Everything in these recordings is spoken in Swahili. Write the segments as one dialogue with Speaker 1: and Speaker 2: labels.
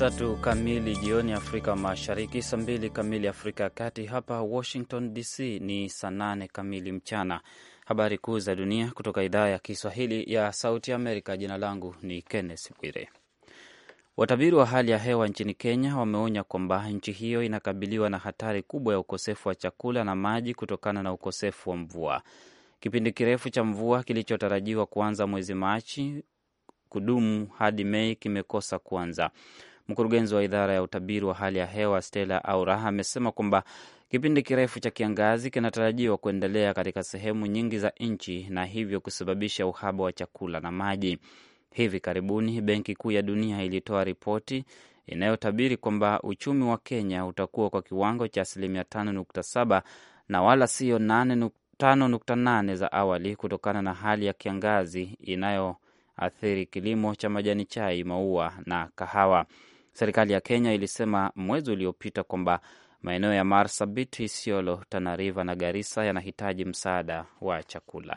Speaker 1: tatu kamili jioni Afrika Mashariki, saa mbili kamili Afrika ya Kati. Hapa Washington DC ni saa nane kamili mchana. Habari kuu za dunia kutoka idhaa ya Kiswahili ya Sauti Amerika. Jina langu ni Kenneth Bwire. Watabiri wa hali ya hewa nchini Kenya wameonya kwamba nchi hiyo inakabiliwa na hatari kubwa ya ukosefu wa chakula na maji kutokana na ukosefu wa mvua. Kipindi kirefu cha mvua kilichotarajiwa kuanza mwezi Machi kudumu hadi Mei kimekosa kuanza. Mkurugenzi wa idara ya utabiri wa hali ya hewa Stella Aura amesema kwamba kipindi kirefu cha kiangazi kinatarajiwa kuendelea katika sehemu nyingi za nchi na hivyo kusababisha uhaba wa chakula na maji. Hivi karibuni Benki Kuu ya Dunia ilitoa ripoti inayotabiri kwamba uchumi wa Kenya utakuwa kwa kiwango cha asilimia 5.7 na wala siyo 5.8 za awali kutokana na hali ya kiangazi inayoathiri kilimo cha majani chai, maua na kahawa. Serikali ya Kenya ilisema mwezi uliopita kwamba maeneo ya Marsabit, Isiolo, Tanariva na Garisa yanahitaji msaada wa chakula.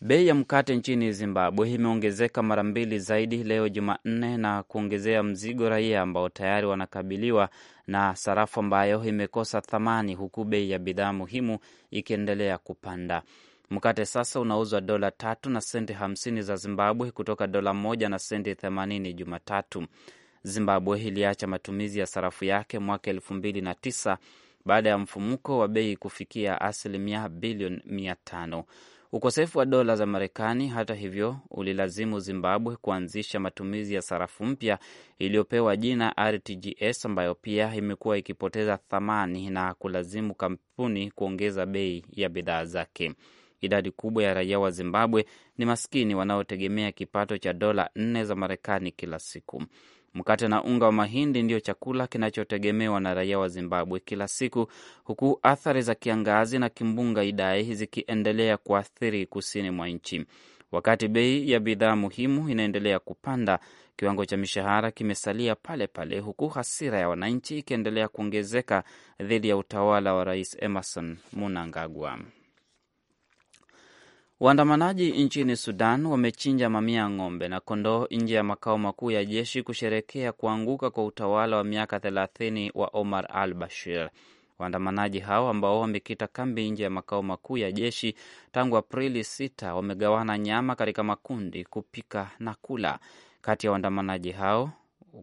Speaker 1: Bei ya mkate nchini Zimbabwe imeongezeka mara mbili zaidi leo Jumanne na kuongezea mzigo raia ambao tayari wanakabiliwa na sarafu ambayo imekosa thamani, huku bei ya bidhaa muhimu ikiendelea kupanda. Mkate sasa unauzwa dola tatu na senti hamsini za Zimbabwe kutoka dola moja na senti themanini Jumatatu. Zimbabwe iliacha matumizi ya sarafu yake mwaka elfu mbili na tisa baada ya mfumuko wa bei kufikia asilimia bilioni mia tano. Ukosefu wa dola za Marekani, hata hivyo, ulilazimu Zimbabwe kuanzisha matumizi ya sarafu mpya iliyopewa jina RTGS, ambayo pia imekuwa ikipoteza thamani na kulazimu kampuni kuongeza bei ya bidhaa zake. Idadi kubwa ya raia wa Zimbabwe ni maskini wanaotegemea kipato cha dola nne za Marekani kila siku. Mkate na unga wa mahindi ndiyo chakula kinachotegemewa na raia wa Zimbabwe kila siku, huku athari za kiangazi na kimbunga Idai zikiendelea kuathiri kusini mwa nchi. Wakati bei ya bidhaa muhimu inaendelea kupanda, kiwango cha mishahara kimesalia pale pale, huku hasira ya wananchi ikiendelea kuongezeka dhidi ya utawala wa Rais Emerson Mnangagwa. Waandamanaji nchini Sudan wamechinja mamia ya ng'ombe na kondoo nje ya makao makuu ya jeshi kusherekea kuanguka kwa utawala wa miaka thelathini wa Omar al Bashir. Waandamanaji hao ambao wamekita kambi nje ya makao makuu ya jeshi tangu Aprili 6 wamegawana nyama katika makundi kupika na kula. Kati ya waandamanaji hao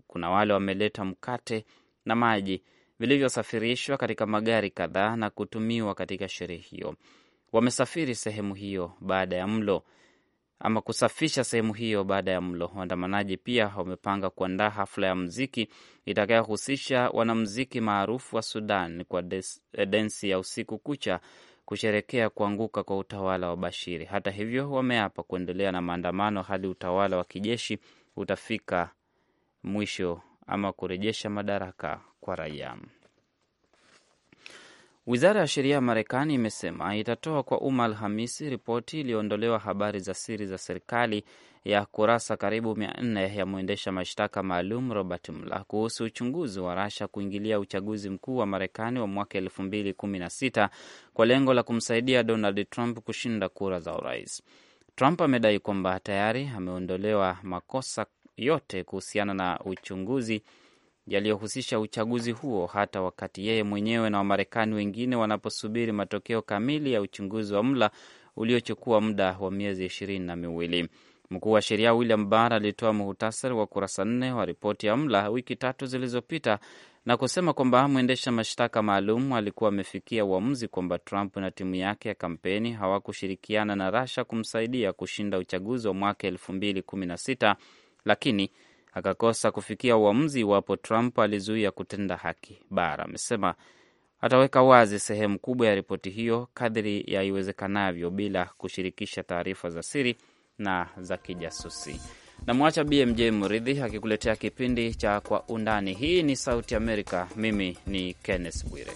Speaker 1: kuna wale wameleta mkate na maji vilivyosafirishwa katika magari kadhaa na kutumiwa katika sherehe hiyo wamesafiri sehemu hiyo baada ya mlo ama kusafisha sehemu hiyo baada ya mlo. Waandamanaji pia wamepanga kuandaa hafla ya mziki itakayohusisha wanamziki maarufu wa Sudan kwa des, eh, densi ya usiku kucha kusherekea kuanguka kwa utawala wa Bashiri. Hata hivyo, wameapa kuendelea na maandamano hadi utawala wa kijeshi utafika mwisho ama kurejesha madaraka kwa raia. Wizara ya sheria ya Marekani imesema itatoa kwa umma Alhamisi ripoti iliyoondolewa habari za siri za serikali ya kurasa karibu mia nne ya mwendesha mashtaka maalum Robert Mueller kuhusu uchunguzi wa Rasha kuingilia uchaguzi mkuu wa Marekani wa mwaka elfu mbili kumi na sita kwa lengo la kumsaidia Donald Trump kushinda kura za urais. Trump amedai kwamba tayari ameondolewa makosa yote kuhusiana na uchunguzi yaliyohusisha uchaguzi huo, hata wakati yeye mwenyewe na Wamarekani wengine wanaposubiri matokeo kamili ya uchunguzi wa mla uliochukua muda wa miezi ishirini na miwili. Mkuu wa sheria William Barr alitoa muhutasari wa kurasa nne wa ripoti ya mla wiki tatu zilizopita na kusema kwamba mwendesha mashtaka maalum alikuwa amefikia uamuzi kwamba Trump na timu yake ya kampeni hawakushirikiana na Rasha kumsaidia kushinda uchaguzi wa mwaka elfu mbili kumi na sita, lakini akakosa kufikia uamuzi iwapo Trump alizuia kutenda haki. Barr amesema ataweka wazi sehemu kubwa ya ripoti hiyo kadri ya iwezekanavyo bila kushirikisha taarifa za siri na za kijasusi. Namwacha BMJ Muridhi akikuletea kipindi cha Kwa Undani. Hii ni Sauti Amerika. Mimi ni Kenneth Bwire.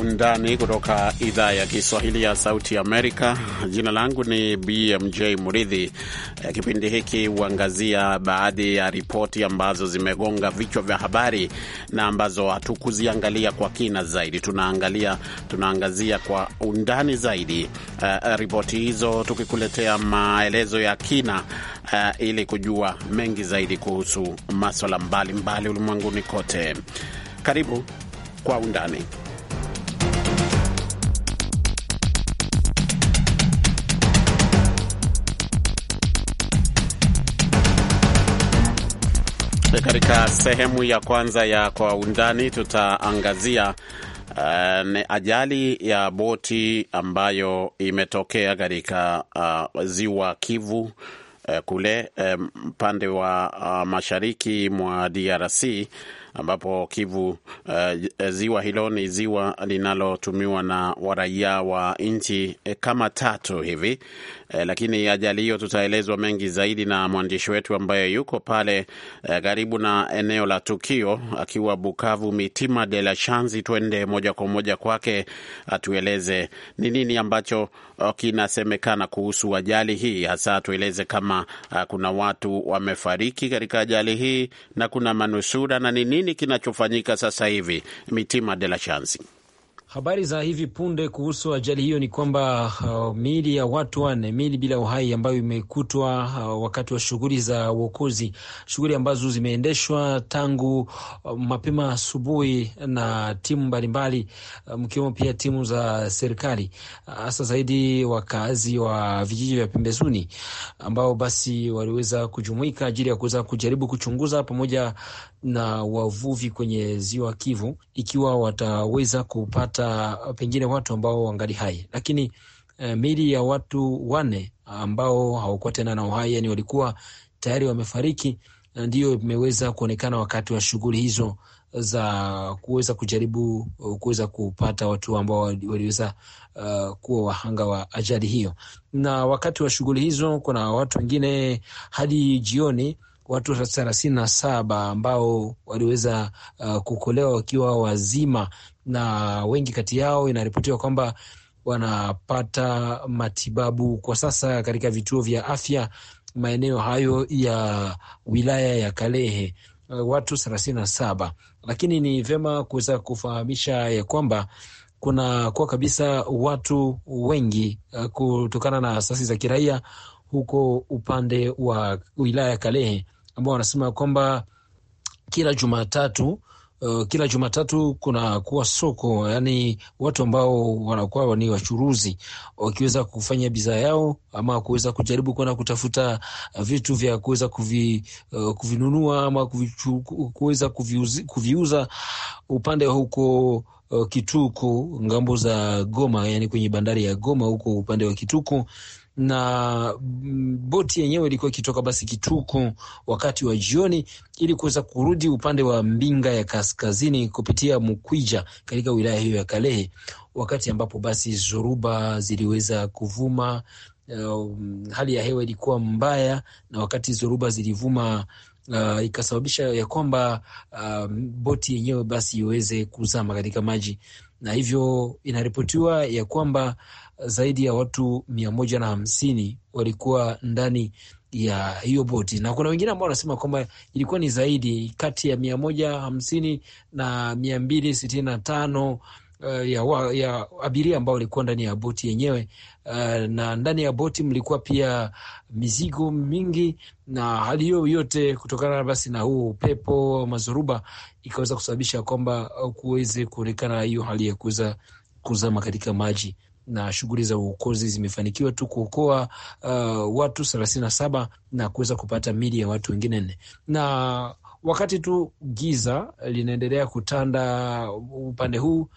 Speaker 2: undani kutoka idhaa ya Kiswahili ya Sauti Amerika. Jina langu ni BMJ Muridhi. Eh, kipindi hiki huangazia baadhi ya ripoti ambazo zimegonga vichwa vya habari na ambazo hatukuziangalia kwa kina zaidi. Tunaangalia, tunaangazia kwa undani zaidi uh, ripoti hizo tukikuletea maelezo ya kina uh, ili kujua mengi zaidi kuhusu maswala mbalimbali ulimwenguni kote. Karibu kwa undani. Katika sehemu ya kwanza ya Kwa Undani tutaangazia uh, ajali ya boti ambayo imetokea katika uh, ziwa Kivu uh, kule upande um, wa uh, mashariki mwa DRC ambapo Kivu, uh, ziwa hilo ni ziwa linalotumiwa na waraia wa nchi e, kama tatu hivi e, lakini ajali hiyo tutaelezwa mengi zaidi na mwandishi wetu ambaye yuko pale karibu e, na eneo la tukio akiwa Bukavu, Mitima de la Shanzi. Twende moja kwa moja kwake atueleze ni nini ambacho kinasemekana kuhusu ajali hii, hasa tueleze kama uh, kuna watu wamefariki katika ajali hii na kuna manusura na ni nini nini kinachofanyika sasa hivi? Mitima de la Chansi.
Speaker 3: Habari za hivi punde kuhusu ajali hiyo ni kwamba uh, miili ya watu wanne, miili bila uhai ambayo imekutwa uh, wakati wa shughuli za uokozi, shughuli ambazo zimeendeshwa tangu uh, mapema asubuhi na timu mbalimbali uh, mkiwemo pia timu za serikali uh, hasa uh, zaidi wakazi wa vijiji vya pembezuni ambao basi waliweza kujumuika ajili ya kuweza kujaribu kuchunguza pamoja na wavuvi kwenye ziwa Kivu, ikiwa wataweza kupata uh, pengine watu ambao wangali hai, lakini eh, mili ya watu wane ambao hawakuwa tena na uhai, yani walikuwa tayari wamefariki, uh, ndiyo imeweza kuonekana wakati wa shughuli hizo za kuweza kujaribu kuweza kupata watu ambao waliweza uh, kuwa wahanga wa ajali hiyo. Na wakati wa shughuli hizo kuna watu wengine hadi jioni watu thelathini na saba ambao waliweza uh, kuokolewa wakiwa wazima, na wengi kati yao inaripotiwa kwamba wanapata matibabu kwa sasa katika vituo vya afya maeneo hayo ya wilaya ya Kalehe uh, watu thelathini na saba, lakini ni vema kuweza kufahamisha ya kwamba kuna kuwa kabisa watu wengi uh, kutokana na asasi za kiraia huko upande wa wilaya ya Kalehe ambao wanasema kwamba kila Jumatatu uh, kila Jumatatu kuna kuwa soko, yani watu ambao wanakuwa ni wachuruzi wakiweza kufanya bidhaa yao ama kuweza kujaribu kwenda kutafuta vitu vya kuweza kuvi, uh, kuvinunua ama kuweza kuviuza upande wa huko uh, Kituku ngambo za Goma, yani kwenye bandari ya Goma huko upande wa Kituku na mm, boti yenyewe ilikuwa ikitoka basi Kituku wakati wa jioni, ili kuweza kurudi upande wa Mbinga ya kaskazini kupitia Mukwija katika wilaya hiyo ya Kalehe, wakati ambapo basi zoruba ziliweza kuvuma. Uh, hali ya hewa ilikuwa mbaya, na wakati zoruba zilivuma Uh, ikasababisha ya kwamba uh, boti yenyewe basi iweze kuzama katika maji, na hivyo inaripotiwa ya kwamba zaidi ya watu mia moja na hamsini walikuwa ndani ya hiyo boti, na kuna wengine ambao wanasema kwamba ilikuwa ni zaidi kati ya mia moja hamsini na mia mbili sitini na tano uh, ya, wa, ya abiria ambao walikuwa ndani ya boti yenyewe. Uh, na ndani ya boti mlikuwa pia mizigo mingi, na hali hiyo yote kutokana basi na huu upepo mazoruba ikaweza kusababisha kwamba kuweze kuonekana hiyo hali ya kuweza kuzama katika maji na shughuli za uokozi zimefanikiwa tu kuokoa uh, watu thelathini na saba na kuweza kupata mili ya watu wengine nne na wakati tu giza linaendelea kutanda upande huu,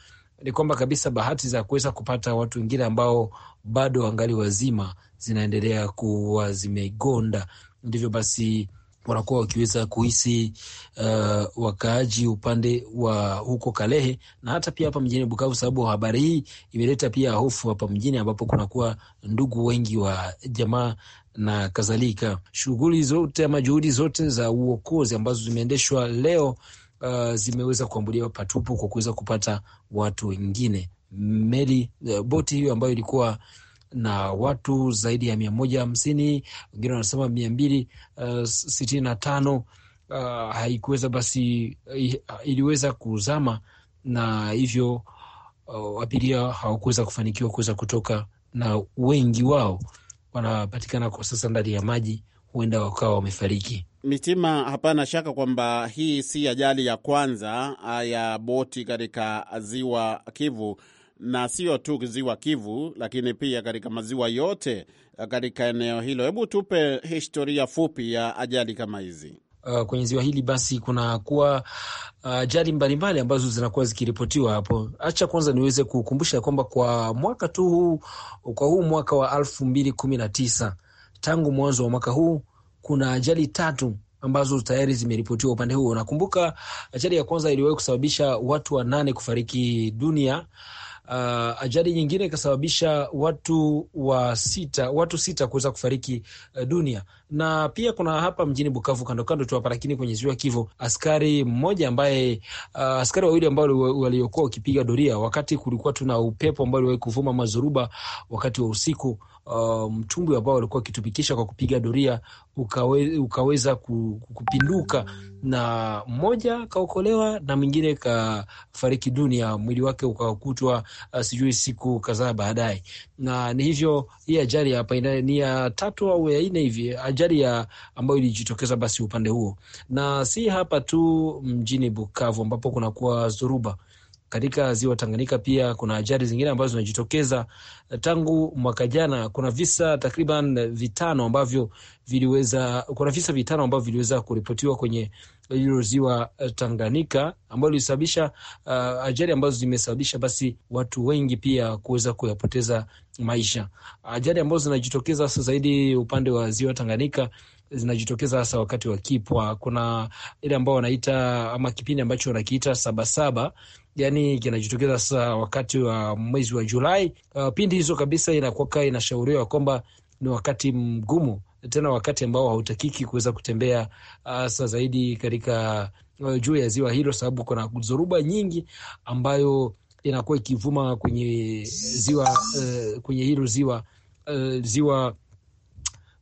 Speaker 3: ni kwamba kabisa bahati za kuweza kupata watu wengine ambao bado wangali wazima zinaendelea kuwa zimegonda. Ndivyo basi wanakuwa wakiweza kuhisi uh, wakaaji upande wa huko Kalehe na hata pia hapa mjini Bukavu, sababu habari hii imeleta pia hofu hapa mjini ambapo kunakuwa ndugu wengi wa jamaa na kadhalika. Shughuli zote ama juhudi zote za uokozi ambazo zimeendeshwa leo uh, zimeweza kuambuliwa patupu kwa kuweza kupata watu wengine. Meli uh, boti hiyo ambayo ilikuwa na watu zaidi ya mia moja hamsini wengine wanasema mia mbili uh, sitini na tano uh, haikuweza basi uh, iliweza kuzama na hivyo uh, abiria hawakuweza kufanikiwa kuweza kutoka, na wengi wao wanapatikana kwa sasa ndani ya maji, huenda wakawa wamefariki.
Speaker 2: Mitima, hapana shaka kwamba hii si ajali ya kwanza uh, ya boti katika ziwa Kivu na sio tu ziwa Kivu, lakini pia katika maziwa yote eh, katika eneo hilo. Hebu tupe historia fupi ya ajali kama hizi.
Speaker 3: Uh, kwenye ziwa hili basi kuna kuwa eh, ajali uh, mbalimbali ambazo zinakuwa zikiripotiwa hapo. Acha kwanza niweze kukumbusha kwamba kwa mwaka tu huu, kwa huu mwaka wa elfu mbili kumi na tisa, tangu mwanzo wa mwaka huu kuna ajali tatu ambazo tayari zimeripotiwa upande huo. Nakumbuka ajali ya kwanza iliwahi kusababisha watu wanane kufariki dunia Uh, ajali nyingine ikasababisha watu wa sita, watu sita kuweza kufariki uh, dunia. Na pia kuna hapa mjini Bukavu kando kando tu hapa, lakini kwenye ziwa Kivu, askari mmoja ambaye uh, askari wawili ambao waliokuwa wakipiga doria wakati kulikuwa tuna upepo ambao uliwahi kuvuma mazuruba wakati wa usiku mtumbwi mtumbwi ambao walikuwa wakitumikisha kwa kupiga doria ukawe, ukaweza kupinduka na mmoja kaokolewa na mwingine kafariki dunia, mwili wake ukakutwa uh, sijui siku kadhaa baadaye. Na ni hivyo, hii ajali hapa ni ya tatu au ya nne hivi, ajali ya ambayo ilijitokeza basi upande huo, na si hapa tu mjini Bukavu ambapo kunakuwa zoruba katika ziwa Tanganyika. Pia kuna ajali zingine ambazo zinajitokeza. Tangu mwaka jana kuna visa takriban vitano ambavyo viliweza, kuna visa vitano ambavyo viliweza kuripotiwa kwenye hilo ziwa Tanganyika ambayo lilisababisha uh, ajali ambazo zimesababisha basi watu wengi pia kuweza kuyapoteza maisha. Ajali ambazo zinajitokeza hasa zaidi upande wa ziwa Tanganyika zinajitokeza hasa wakati wa kipwa. Kuna ile ambao wanaita ama kipindi ambacho wanakiita sabasaba yani kinajitokeza sasa wakati wa mwezi wa Julai. Uh, pindi hizo kabisa inakuwa inashauriwa kwamba ni wakati mgumu, tena wakati ambao hautakiki kuweza kutembea hasa uh, zaidi katika uh, juu ya ziwa hilo, sababu kuna dhoruba nyingi ambayo inakuwa ikivuma kwenye ziwa uh, kwenye hilo ziwa uh, ziwa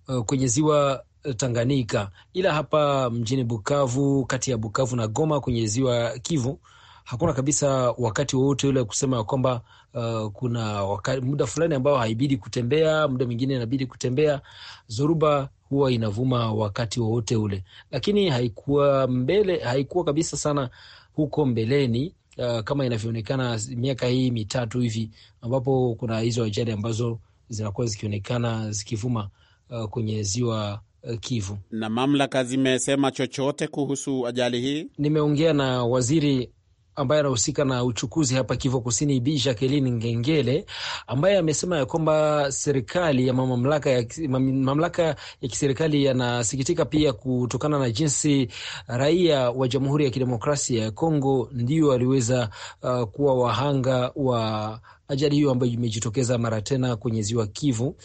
Speaker 3: uh, kwenye ziwa Tanganyika, ila hapa mjini Bukavu, kati ya Bukavu na Goma kwenye ziwa Kivu hakuna kabisa wakati wowote ule kusema kwamba uh, kuna wakati, muda fulani ambao haibidi kutembea, muda mwingine inabidi kutembea. Zoruba huwa inavuma wakati wowote ule, lakini haikuwa mbele, haikuwa kabisa sana huko mbeleni. Uh, kama inavyoonekana miaka hii mitatu hivi ambapo kuna hizo ajali ambazo zinakuwa zikionekana zikivuma uh, kwenye ziwa uh, Kivu.
Speaker 2: Na mamlaka zimesema chochote kuhusu ajali hii?
Speaker 3: Nimeongea na waziri ambaye anahusika na uchukuzi hapa Kivu Kusini, Bi Jacqueline Ngengele, ambaye amesema ya kwamba serikali ama mamlaka ya, mamlaka ya kiserikali yanasikitika pia kutokana na jinsi raia wa Jamhuri ya Kidemokrasia ya Kongo ndio waliweza uh, kuwa wahanga wa ajali hiyo ambayo imejitokeza mara tena kwenye ziwa Kivu.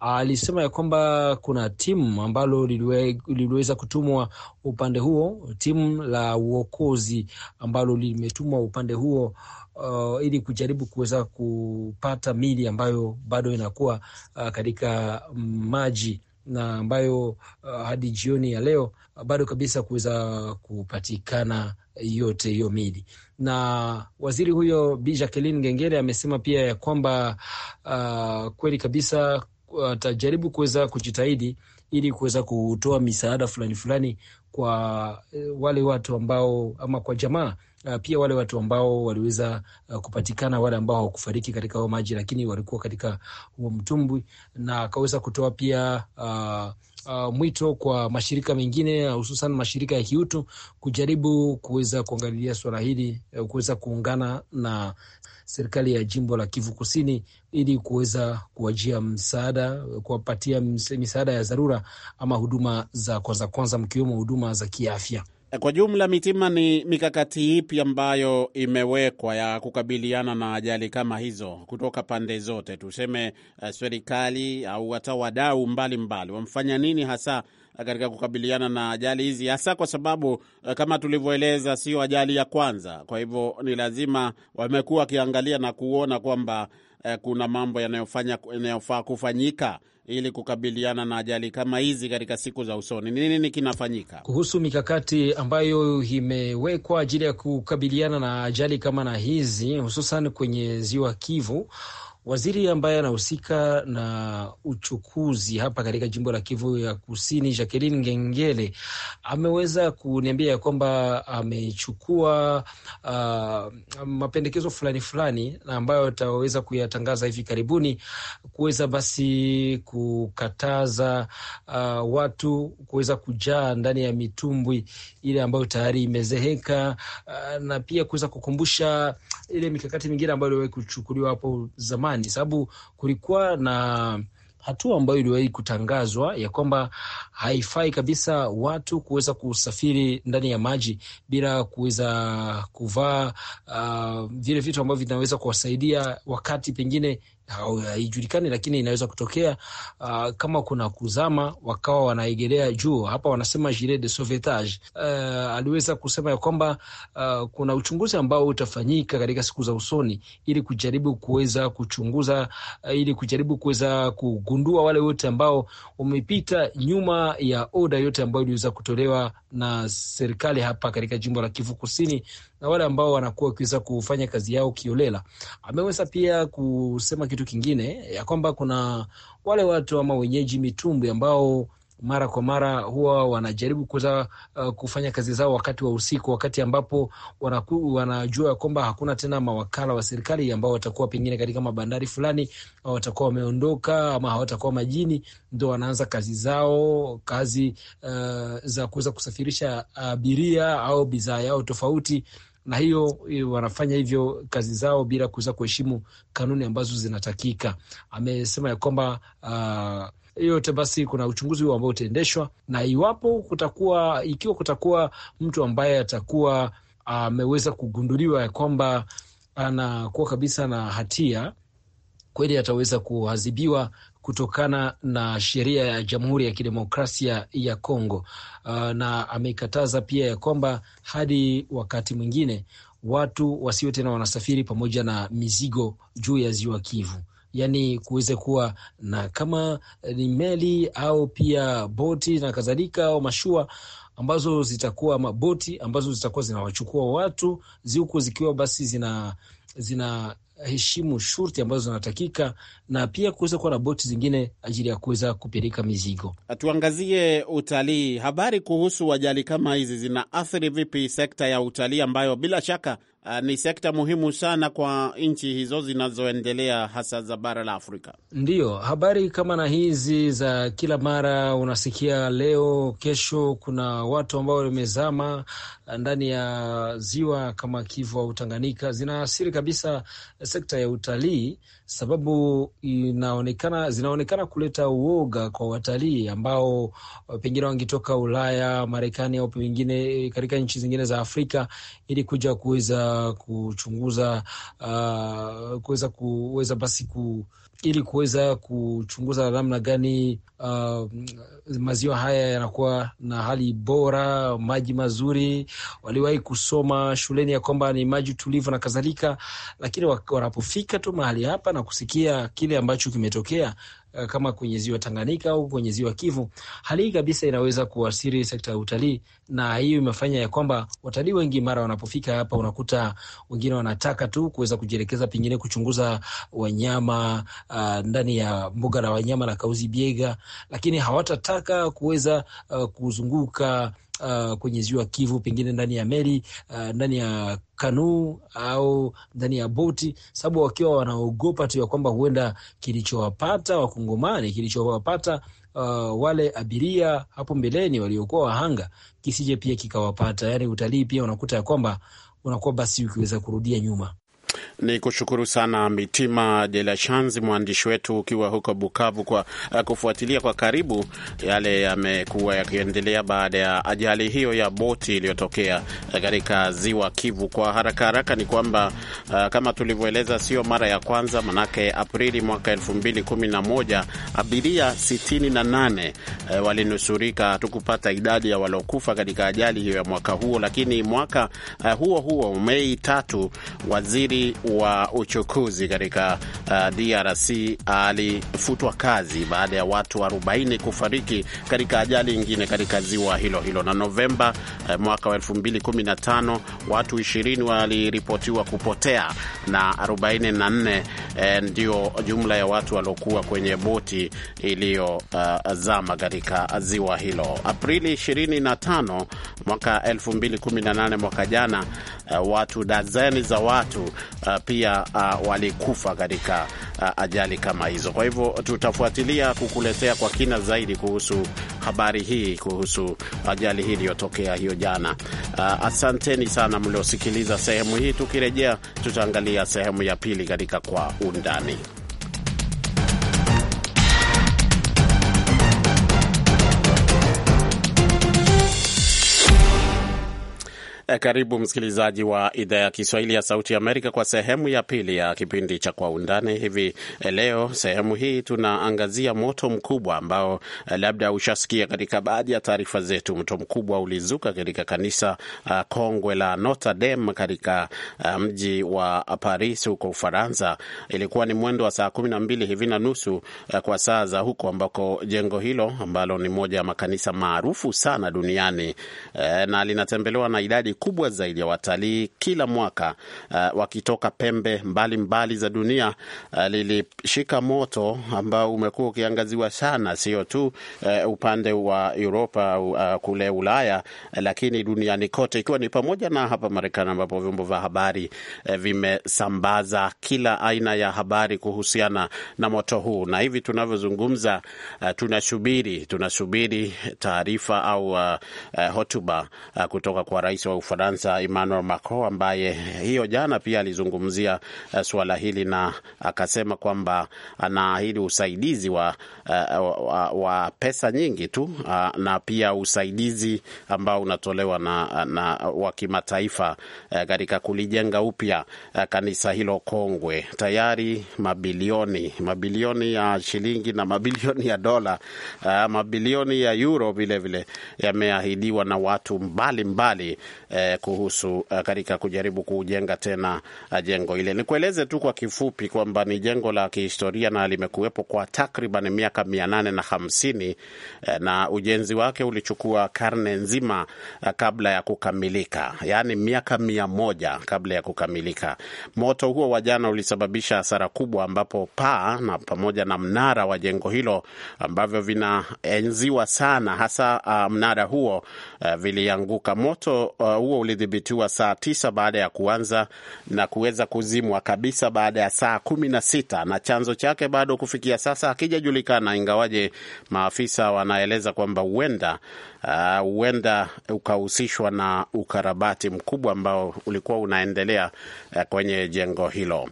Speaker 3: Alisema ya kwamba kuna timu ambalo liliweza kutumwa upande huo, timu la uokozi ambalo limetumwa upande huo Uh, ili kujaribu kuweza kupata mili ambayo bado inakuwa uh, katika mm, maji na ambayo uh, hadi jioni ya leo uh, bado kabisa kuweza kupatikana yote hiyo mili. Na waziri huyo Bi Jacqueline Gengere amesema pia ya kwamba uh, kweli kabisa uh, atajaribu uh, kuweza kujitahidi ili kuweza kutoa misaada fulani fulani kwa uh, wale watu ambao ama kwa jamaa Uh, pia wale watu ambao waliweza uh, kupatikana wale ambao hawakufariki katika huo maji, lakini walikuwa katika huo mtumbwi, na akaweza kutoa pia uh, Uh, mwito kwa mashirika mengine uh, hususan mashirika ya kiutu kujaribu kuweza kuangalilia suala hili, uh, kuweza kuungana na serikali ya jimbo la Kivu Kusini ili kuweza kuwajia msaada, kuwapatia misaada ya dharura ama huduma za kwanza kwanza, mkiwemo huduma za kiafya.
Speaker 2: Kwa jumla, Mitima, ni mikakati ipi ambayo imewekwa ya kukabiliana na ajali kama hizo kutoka pande zote, tuseme uh, serikali au hata wadau mbalimbali wamfanya nini hasa eh, katika kukabiliana na ajali hizi, hasa kwa sababu uh, kama tulivyoeleza, sio ajali ya kwanza. Kwa hivyo ni lazima wamekuwa wakiangalia na kuona kwamba eh, kuna mambo yanayofaa kufanyika ili kukabiliana na ajali kama hizi katika siku za usoni? Ni nini kinafanyika
Speaker 3: kuhusu mikakati ambayo imewekwa ajili ya kukabiliana na ajali kama na hizi hususan kwenye ziwa Kivu? Waziri ambaye anahusika na uchukuzi hapa katika jimbo la Kivu ya Kusini, Jacqueline Ngengele, ameweza kuniambia ya kwamba amechukua uh, mapendekezo fulani fulani ambayo ataweza kuyatangaza hivi karibuni, kuweza basi kukataza uh, watu kuweza kujaa ndani ya mitumbwi ile ambayo tayari imezeheka uh, na pia kuweza kukumbusha ile mikakati mingine ambayo iliwahi kuchukuliwa hapo zamani amani, sababu kulikuwa na hatua ambayo iliwahi kutangazwa ya kwamba haifai kabisa watu kuweza kusafiri ndani ya maji bila kuweza kuvaa uh, vile vitu ambavyo vinaweza kuwasaidia wakati pengine haijulikani, lakini inaweza kutokea uh, kama kuna kuzama wakawa wanaegelea juu. Hapa wanasema gilet de sauvetage. Uh, aliweza kusema ya kwamba uh, kuna uchunguzi ambao utafanyika katika siku za usoni ili kujaribu kuweza kuchunguza uh, ili kujaribu kuweza kugundua wale wote ambao wamepita nyuma ya oda yote ambayo iliweza kutolewa na serikali hapa katika jimbo la Kivu Kusini na wale ambao wanakuwa wakiweza kufanya kazi yao kiolela. Ameweza pia kusema kitu kingine ya kwamba kuna wale watu ama wenyeji mitumbwi ambao mara kwa mara huwa wanajaribu kuweza uh, kufanya kazi zao wakati wa usiku, wakati ambapo wanaku, wanajua kwamba hakuna tena mawakala wa serikali ambao watakuwa pengine katika mabandari fulani au watakuwa wameondoka ama hawatakuwa majini, ndo wanaanza kazi zao, kazi uh, za kuweza kusafirisha abiria au bidhaa yao tofauti na hiyo eh, wanafanya hivyo kazi zao bila kuweza kuheshimu kanuni ambazo zinatakika. Amesema ya kwamba uh, yote basi, kuna uchunguzi huo ambao utaendeshwa, na iwapo kutakuwa, ikiwa kutakuwa mtu ambaye atakuwa ameweza uh, kugunduliwa ya kwamba anakuwa kabisa na hatia kweli ataweza kuadhibiwa kutokana na sheria ya Jamhuri ya Kidemokrasia ya Kongo. Uh, na amekataza pia ya kwamba hadi wakati mwingine watu wasiwe tena wanasafiri pamoja na mizigo juu ya ziwa Kivu, yaani kuweze kuwa na kama ni meli au pia boti na kadhalika au mashua ambazo zitakuwa maboti ambazo zitakuwa zinawachukua watu huku zikiwa basi zina zina heshimu shurti ambazo zinatakika na pia kuweza kuwa na boti zingine ajili ya kuweza kupeleka mizigo.
Speaker 2: Tuangazie utalii. Habari kuhusu ajali kama hizi zinaathiri vipi sekta ya utalii ambayo bila shaka Uh, ni sekta muhimu sana kwa nchi hizo zinazoendelea hasa za bara la Afrika.
Speaker 3: Ndiyo, habari kama na hizi za kila mara unasikia leo, kesho kuna watu ambao wamezama ndani ya ziwa kama Kivu au Tanganyika, zinaathiri kabisa sekta ya utalii sababu inaonekana zinaonekana kuleta uoga kwa watalii ambao uh, pengine wangetoka Ulaya, Marekani au pengine eh, katika nchi zingine za Afrika ili kuja kuweza kuchunguza uh, kuweza kuweza basi ku ili kuweza kuchunguza namna gani uh, maziwa haya yanakuwa na hali bora, maji mazuri. Waliwahi kusoma shuleni ya kwamba ni maji tulivu na kadhalika, lakini wanapofika tu mahali hapa na kusikia kile ambacho kimetokea, Eh, kama kwenye ziwa Tanganyika au kwenye ziwa Kivu, hali hii kabisa inaweza kuathiri sekta ya utalii, na hiyo imefanya ya kwamba watalii wengi mara wanapofika hapa, unakuta wengine wanataka tu kuweza kujielekeza pengine kuchunguza wanyama uh, ndani ya mbuga la wanyama la Kahuzi Biega, lakini hawatataka kuweza uh, kuzunguka uh, kwenye ziwa Kivu, pengine ndani ya meli uh, ndani ya kanuu au ndani ya boti, sababu wakiwa wanaogopa tu ya kwamba huenda kilichowapata Wakongomani, kilichowapata uh, wale abiria hapo mbeleni waliokuwa wahanga kisije pia kikawapata. Yani utalii pia unakuta ya kwamba unakuwa basi ukiweza kurudia nyuma
Speaker 2: ni kushukuru sana Mitima Jelashanzi, mwandishi wetu ukiwa huko Bukavu, kwa eh, kufuatilia kwa karibu yale yamekuwa yakiendelea baada ya ajali hiyo ya boti iliyotokea eh, katika ziwa Kivu. Kwa haraka haraka ni kwamba uh, kama tulivyoeleza, sio mara ya kwanza, manake Aprili mwaka 2011 abiria 68 uh, walinusurika. Hatukupata idadi ya waliokufa katika ajali hiyo ya mwaka huo, lakini mwaka uh, huo huo Mei tatu waziri waziri wa uchukuzi katika uh, DRC alifutwa kazi baada ya watu 40 kufariki katika ajali nyingine katika ziwa hilo hilo. Na Novemba uh, mwaka wa 2015 watu 20 waliripotiwa kupotea na 44 uh, eh, ndio jumla ya watu waliokuwa kwenye boti iliyozama uh, katika ziwa hilo. Aprili 25 mwaka 2018 mwaka jana uh, watu dazeni za watu uh, pia uh, walikufa katika uh, ajali kama hizo. Kwa hivyo tutafuatilia kukuletea kwa kina zaidi kuhusu habari hii, kuhusu ajali hii iliyotokea hiyo jana. Uh, asanteni sana mliosikiliza sehemu hii. Tukirejea tutaangalia sehemu ya pili katika kwa undani. Eh, karibu msikilizaji wa idhaa ya Kiswahili ya Sauti Amerika kwa sehemu ya pili ya kipindi cha Kwa Undani hivi eh, leo. Sehemu hii tunaangazia moto mkubwa ambao eh, labda ushasikia katika baadhi ya taarifa zetu. Moto mkubwa ulizuka katika kanisa uh, kongwe la Notre Dame katika uh, mji wa Paris huko Ufaransa. Ilikuwa ni mwendo wa saa kumi na mbili hivi na nusu uh, kwa saa za huko, ambako jengo hilo ambalo ni moja ya makanisa maarufu sana duniani uh, na linatembelewa na idadi kubwa zaidi ya watalii kila mwaka uh, wakitoka pembe mbalimbali mbali za dunia uh, lilishika moto ambao umekuwa ukiangaziwa sana, sio tu uh, upande wa Uropa uh, kule Ulaya uh, lakini duniani kote, ikiwa ni pamoja na hapa Marekani ambapo vyombo vya habari uh, vimesambaza kila aina ya habari kuhusiana na moto huu, na hivi tunavyozungumza, uh, tunasubiri tunasubiri taarifa au uh, uh, hotuba uh, kutoka kwa rais wa Ufaransa Emmanuel Macron, ambaye hiyo jana pia alizungumzia uh, suala hili na akasema kwamba anaahidi usaidizi wa, uh, wa, wa pesa nyingi tu uh, na pia usaidizi ambao unatolewa na, na wa kimataifa eh, katika uh, kulijenga upya uh, kanisa hilo kongwe. Tayari mabilioni mabilioni ya shilingi na mabilioni ya dola uh, mabilioni ya euro vilevile yameahidiwa na watu mbalimbali mbali, eh, kuhusu eh, katika kujaribu kujenga tena eh, jengo ile. Nikueleze tu kwa kifupi kwamba ni jengo la kihistoria na limekuwepo kwa takriban miaka mia nane na hamsini eh, na ujenzi wake ulichukua karne nzima eh, kabla ya kukamilika, yaani miaka mia moja kabla ya kukamilika. Moto huo wa jana ulisababisha hasara kubwa, ambapo paa na pamoja na mnara wa jengo hilo ambavyo vinaenziwa sana hasa uh, mnara huo uh, vilianguka moto uh, huo ulidhibitiwa saa tisa baada ya kuanza na kuweza kuzimwa kabisa baada ya saa kumi na sita na chanzo chake bado kufikia sasa hakijajulikana, ingawaje maafisa wanaeleza kwamba huenda uh, huenda uh, ukahusishwa na ukarabati mkubwa ambao ulikuwa unaendelea uh, kwenye jengo hilo.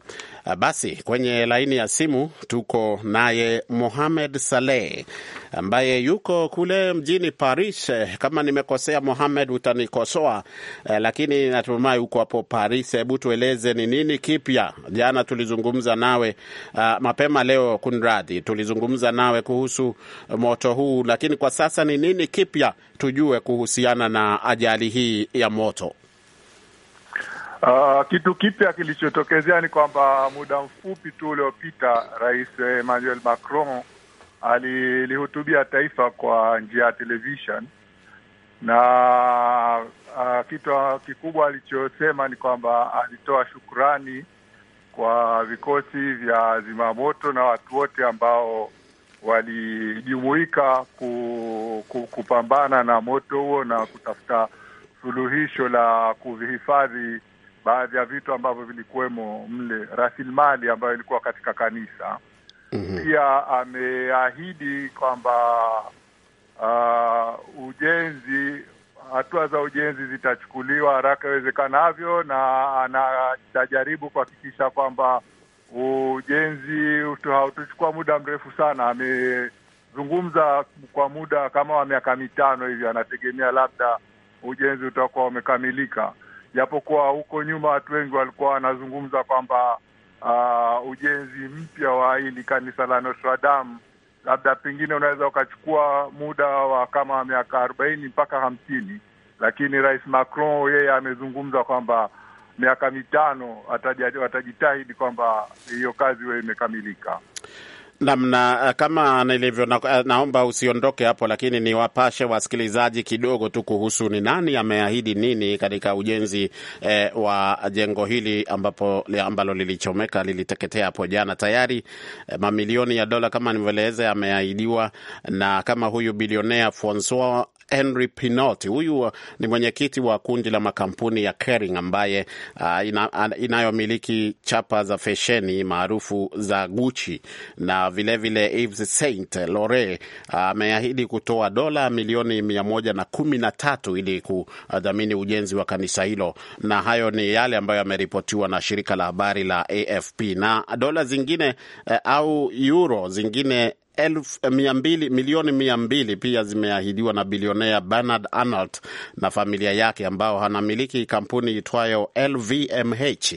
Speaker 2: Ah, basi kwenye laini ya simu tuko naye Mohamed Saleh ambaye yuko kule mjini Paris. Eh, kama nimekosea, Mohamed utanikosoa eh, lakini natumai uko hapo Paris. Hebu tueleze ni nini kipya? Jana tulizungumza nawe uh, mapema leo, kunradhi, tulizungumza nawe kuhusu moto huu, lakini kwa sasa ni nini kipya tujue kuhusiana na ajali hii ya moto?
Speaker 4: Uh, kitu kipya kilichotokezea ni kwamba muda mfupi tu uliopita Rais Emmanuel Macron alilihutubia taifa kwa njia ya television na uh, kitu kikubwa alichosema ni kwamba alitoa shukrani kwa vikosi vya zimamoto na watu wote ambao walijumuika ku, ku, kupambana na moto huo na kutafuta suluhisho la kuvihifadhi baadhi ya vitu ambavyo vilikuwemo mle, rasilimali ambayo ilikuwa katika kanisa. Mm-hmm. Pia ameahidi kwamba uh, ujenzi, hatua za ujenzi zitachukuliwa haraka iwezekanavyo, na anatajaribu kuhakikisha kwamba ujenzi hautuchukua muda mrefu sana. Amezungumza kwa muda kama wa miaka mitano hivi, anategemea labda ujenzi utakuwa umekamilika japokuwa huko nyuma watu wengi walikuwa wanazungumza kwamba uh, ujenzi mpya wa hili kanisa la Notre Dame labda pengine unaweza ukachukua muda wa kama miaka arobaini mpaka hamsini, lakini Rais Macron yeye amezungumza kwamba miaka mitano watajitahidi kwamba hiyo kazi hiyo imekamilika.
Speaker 2: Namna eh, kama nilivyo na, eh, naomba usiondoke hapo, lakini niwapashe wasikilizaji kidogo tu kuhusu ni nani ameahidi nini katika ujenzi eh, wa jengo hili ambapo ambalo lilichomeka liliteketea hapo jana. Tayari eh, mamilioni ya dola kama nilivyoeleza yameahidiwa, na kama huyu bilionea Francois Henry Pinot. Huyu uh, ni mwenyekiti wa kundi la makampuni ya Kering ambaye uh, ina, inayomiliki chapa za fesheni maarufu za Gucci na vilevile vile Yves Saint Laurent uh, ameahidi uh, kutoa dola milioni mia moja na kumi na tatu ili kudhamini ujenzi wa kanisa hilo, na hayo ni yale ambayo yameripotiwa na shirika la habari la AFP na dola zingine uh, au euro zingine Eh, milioni mia mbili pia zimeahidiwa na bilionea Bernard Arnault na familia yake ambao anamiliki kampuni itwayo LVMH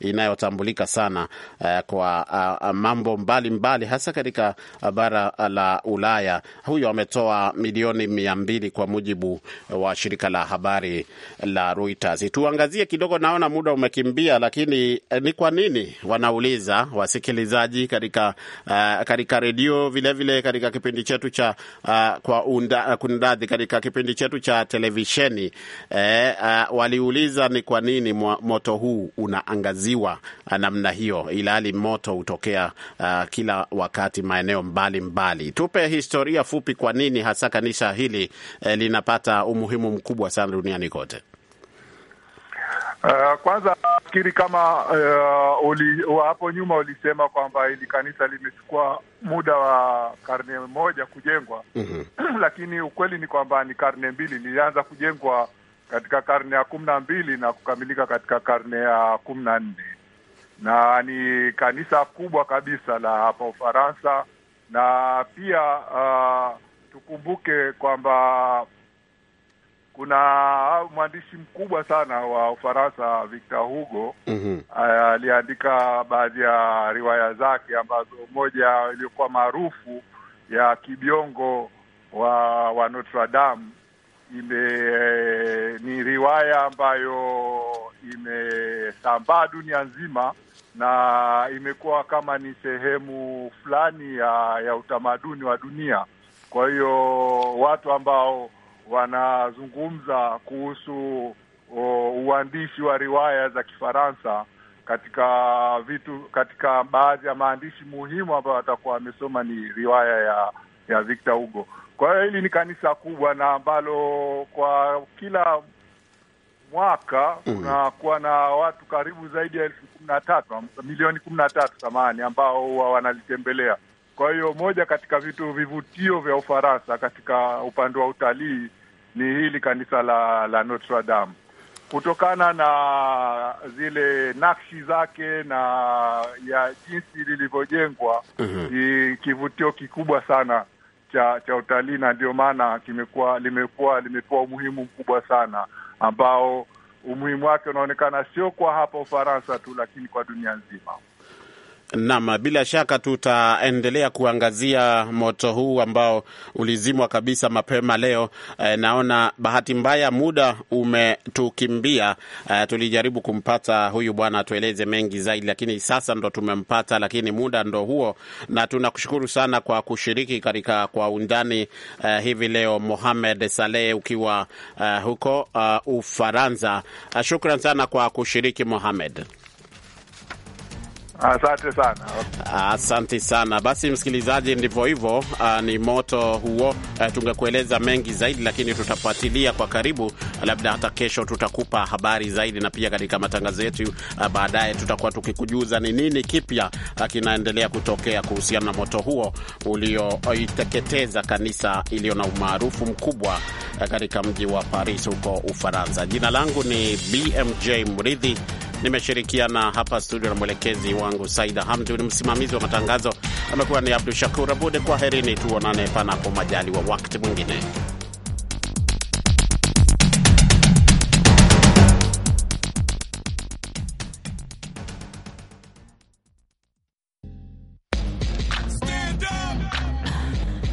Speaker 2: inayotambulika sana uh, kwa uh, mambo mbalimbali mbali, hasa katika bara la Ulaya. Huyo ametoa milioni mia mbili kwa mujibu wa shirika la habari la Reuters. Tuangazie kidogo, naona muda umekimbia, lakini ni kwa nini wanauliza wasikilizaji katika uh, katika redio vilevile katika kipindi chetu cha uh, kwa unda, ah, kundadhi katika kipindi chetu cha televisheni eh, uh, waliuliza ni kwa nini moto huu unaangaziwa namna hiyo ilhali moto hutokea uh, kila wakati maeneo mbalimbali mbali. Tupe historia fupi, kwa nini hasa kanisa hili eh, linapata umuhimu mkubwa sana duniani kote?
Speaker 4: Uh, kwanza nafikiri kama uh, uli, hapo nyuma ulisema kwamba hili kanisa limechukua muda wa karne moja kujengwa mm -hmm. Lakini ukweli ni kwamba ni karne mbili, lilianza kujengwa katika karne ya kumi na mbili na kukamilika katika karne ya kumi na nne na ni kanisa kubwa kabisa la hapa Ufaransa, na pia uh, tukumbuke kwamba kuna mwandishi mkubwa sana wa Ufaransa Victor Hugo mm -hmm. aliandika baadhi ya riwaya zake ambazo moja iliyokuwa maarufu ya kibiongo wa wa Notre Dame ime ni riwaya ambayo imesambaa dunia nzima na imekuwa kama ni sehemu fulani ya, ya utamaduni wa dunia. Kwa hiyo watu ambao wanazungumza kuhusu uandishi wa riwaya za Kifaransa katika vitu katika baadhi ya maandishi muhimu ambayo watakuwa wamesoma ni riwaya ya ya Victor Hugo. Kwa hiyo hili ni kanisa kubwa na ambalo kwa kila mwaka mm. kunakuwa na watu karibu zaidi ya elfu kumi na tatu milioni kumi na tatu thamani ambao huwa wanalitembelea kwa hiyo moja katika vitu vivutio vya Ufaransa katika upande wa utalii ni hili kanisa la la Notre Dame, kutokana na zile nakshi zake na ya jinsi lilivyojengwa mm -hmm. kivutio kikubwa sana cha cha utalii, na ndio maana kimekuwa limekuwa limepewa umuhimu mkubwa sana ambao umuhimu wake unaonekana sio kwa hapa Ufaransa tu, lakini kwa dunia nzima
Speaker 2: nam bila shaka tutaendelea kuangazia moto huu ambao ulizimwa kabisa mapema leo. E, naona bahati mbaya muda umetukimbia. E, tulijaribu kumpata huyu bwana atueleze mengi zaidi, lakini sasa ndo tumempata, lakini muda ndo huo, na tunakushukuru sana kwa kushiriki katika kwa undani e, hivi leo Mohamed Saleh ukiwa e, huko e, Ufaransa. shukran sana kwa kushiriki Mohamed.
Speaker 4: Asante sana,
Speaker 2: asante sana. Basi msikilizaji, ndivyo hivyo, ah, ni moto huo. Eh, tungekueleza mengi zaidi, lakini tutafuatilia kwa karibu, labda hata kesho tutakupa habari zaidi, na pia katika matangazo yetu ah, baadaye tutakuwa tukikujuza ni nini kipya ah, kinaendelea kutokea kuhusiana na moto huo ulioiteketeza kanisa iliyo na umaarufu mkubwa eh, katika mji wa Paris huko Ufaransa. Jina langu ni BMJ Mridhi Nimeshirikiana hapa studio na mwelekezi wangu Saida Hamdun, msimamizi wa matangazo amekuwa ni Abdu Shakur Abud. Kwaherini, tuonane panapo majaliwa wakati mwingine.